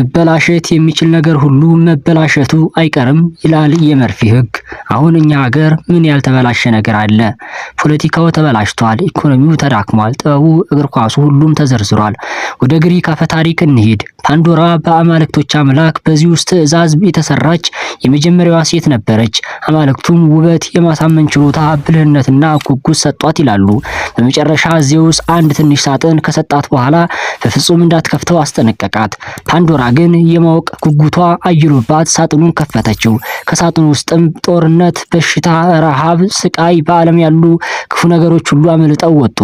መበላሸት የሚችል ነገር ሁሉ መበላሸቱ አይቀርም ይላል የመርፊ ህግ አሁን እኛ ሀገር ምን ያልተበላሸ ነገር አለ? ፖለቲካው ተበላሽቷል፣ ኢኮኖሚው ተዳክሟል፣ ጥበቡ፣ እግር ኳሱ፣ ሁሉም ተዘርዝሯል። ወደ ግሪክ አፈ ታሪክ እንሂድ። ፓንዶራ በአማልክቶች አምላክ ውስጥ ትዕዛዝ የተሰራች የመጀመሪያዋ ሴት ነበረች። አማልክቱም ውበት፣ የማሳመን ችሎታ፣ ብልህነትና ጉጉት ሰጧት ይላሉ። በመጨረሻ ዜውስ አንድ ትንሽ ሳጥን ከሰጣት በኋላ በፍጹም እንዳትከፍተው አስጠነቀቃት። ፓንዶራ ግን የማወቅ ጉጉቷ አይሎባት ሳጥኑን ከፈተችው። ከሳጥኑ ውስጥም ጦር ጦርነት፣ በሽታ፣ ረሃብ፣ ስቃይ በዓለም ያሉ ክፉ ነገሮች ሁሉ አመልጠው ወጡ።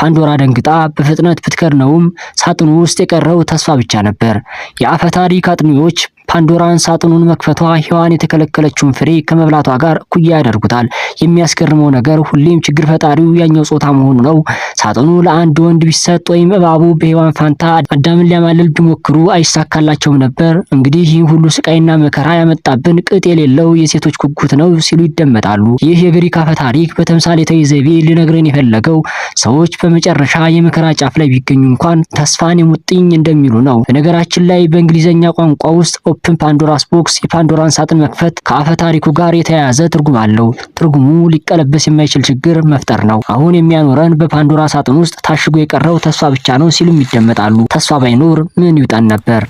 ፓንዶራ ደንግጣ በፍጥነት ብትከድነውም ሳጥኑ ውስጥ የቀረው ተስፋ ብቻ ነበር። የአፈታሪክ አጥኚዎች ፓንዶራን ሳጥኑን መክፈቷ ሔዋን የተከለከለችውን ፍሬ ከመብላቷ ጋር እኩያ ያደርጉታል። የሚያስገርመው ነገር ሁሌም ችግር ፈጣሪው ያኛው ጾታ መሆኑ ነው። ሳጥኑ ለአንድ ወንድ ቢሰጥ ወይም እባቡ በሔዋን ፋንታ አዳምን ሊያማልል ቢሞክሩ አይሳካላቸውም ነበር። እንግዲህ ይህ ሁሉ ስቃይና መከራ ያመጣብን ቅጥ የሌለው የሴቶች ጉጉት ነው ሲሉ ይደመጣሉ። ይህ የግሪክ አፈ ታሪክ በተምሳሌታዊ ዘይቤ ሊነግረን የፈለገው ሰዎች በመጨረሻ የመከራ ጫፍ ላይ ቢገኙ እንኳን ተስፋን የሙጥኝ እንደሚሉ ነው። በነገራችን ላይ በእንግሊዝኛ ቋንቋ ውስጥ ኦፕን ፓንዶራስ ቦክስ የፓንዶራን ሳጥን መክፈት ከአፈ ታሪኩ ጋር የተያያዘ ትርጉም አለው። ትርጉሙ ሊቀለበስ የማይችል ችግር መፍጠር ነው። አሁን የሚያኖረን በፓንዶራ ሳጥን ውስጥ ታሽጎ የቀረው ተስፋ ብቻ ነው ሲሉም ይደመጣሉ። ተስፋ ባይኖር ምን ይውጠን ነበር?